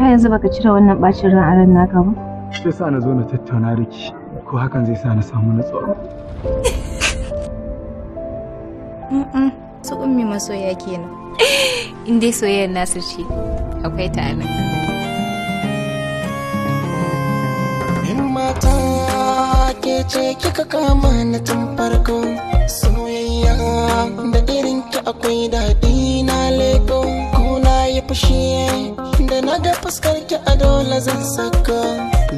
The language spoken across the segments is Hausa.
ka yanzu baka cire wannan bacin ran ran naka ba? Shi sa na zo na tattauna da ki, ko hakan zai sa na samu natsuwa. Mm su ummi masoya kenan. In dai soyayyar nasu ce, akwai ta anan. In mata ke ce kika kama na tun farko soyayya da irin ki akwai daɗi na leko ko na yi fushi da na ga fuskar ki a dole zan saka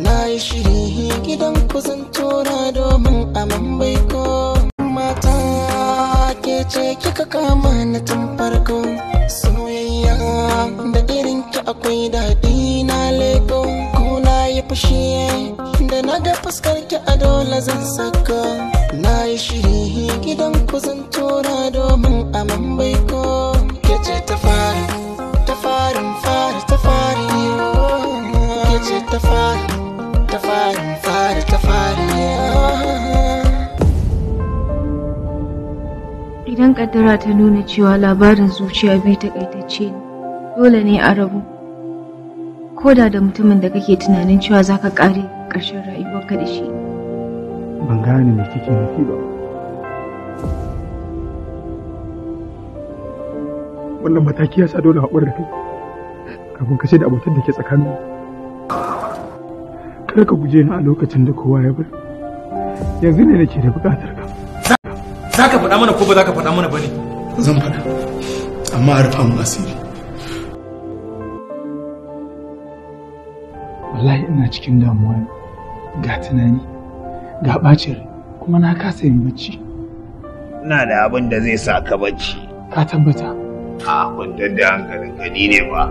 na yi shiri gidan ku zan tura domin a bai ko mata ke ce kika kama na tun farko soyayya da irin ki akwai daɗi na leko ko na yi fushi da na ga fuskar ki a dole zan saka na yi shiri gidan ku zan tura domin a bai ko ta ta ta idan kaddara ta nuna cewa labarin zuciya biyu takaitacce ne dole ne a rabu ko da da mutumin da kake tunanin cewa za ka kare ƙarshen rayuwarka da shi ban gane me kike nufi ba wannan mataki ya sa dole haƙura da kai kafin ka da abokan da ke tsakanin kar ka guje ni a lokacin da kowa ya bar yanzu ne nake da buƙatar ka za ka faɗa mana ko ba za ka faɗa mana ba ne zan faɗa amma a rufa mu asiri wallahi ina cikin damuwa ga tunani ga ɓacin kuma na kasa yin bacci ina da abin da zai sa ka bacci ka tabbata a kwantar da hankalin gani ne ba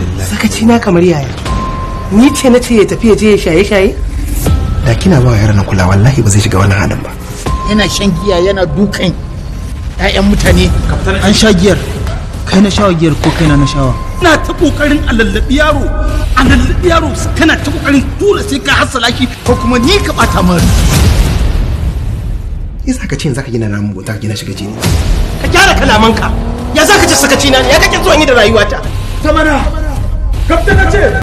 lillahi sakaci na kamar yaya ni ce na ce ya tafi ya je ya shaye shaye da kina ba yaran kula wallahi ba zai shiga wannan halin ba yana shan giya yana dukan ƴaƴan mutane an sha giyar kai na shawa giyar ko kai na na shawa ina ta kokarin alallabi yaro alallabi yaro kana ta kokarin dole sai ka hasala shi ko kuma ni ka bata mara yasa ka ce zaka gina namu bota gina shiga jini ka gyara kalamanka ya zaka ce sakaci na ya kake zuwa ni da rayuwata tamara 갑자같이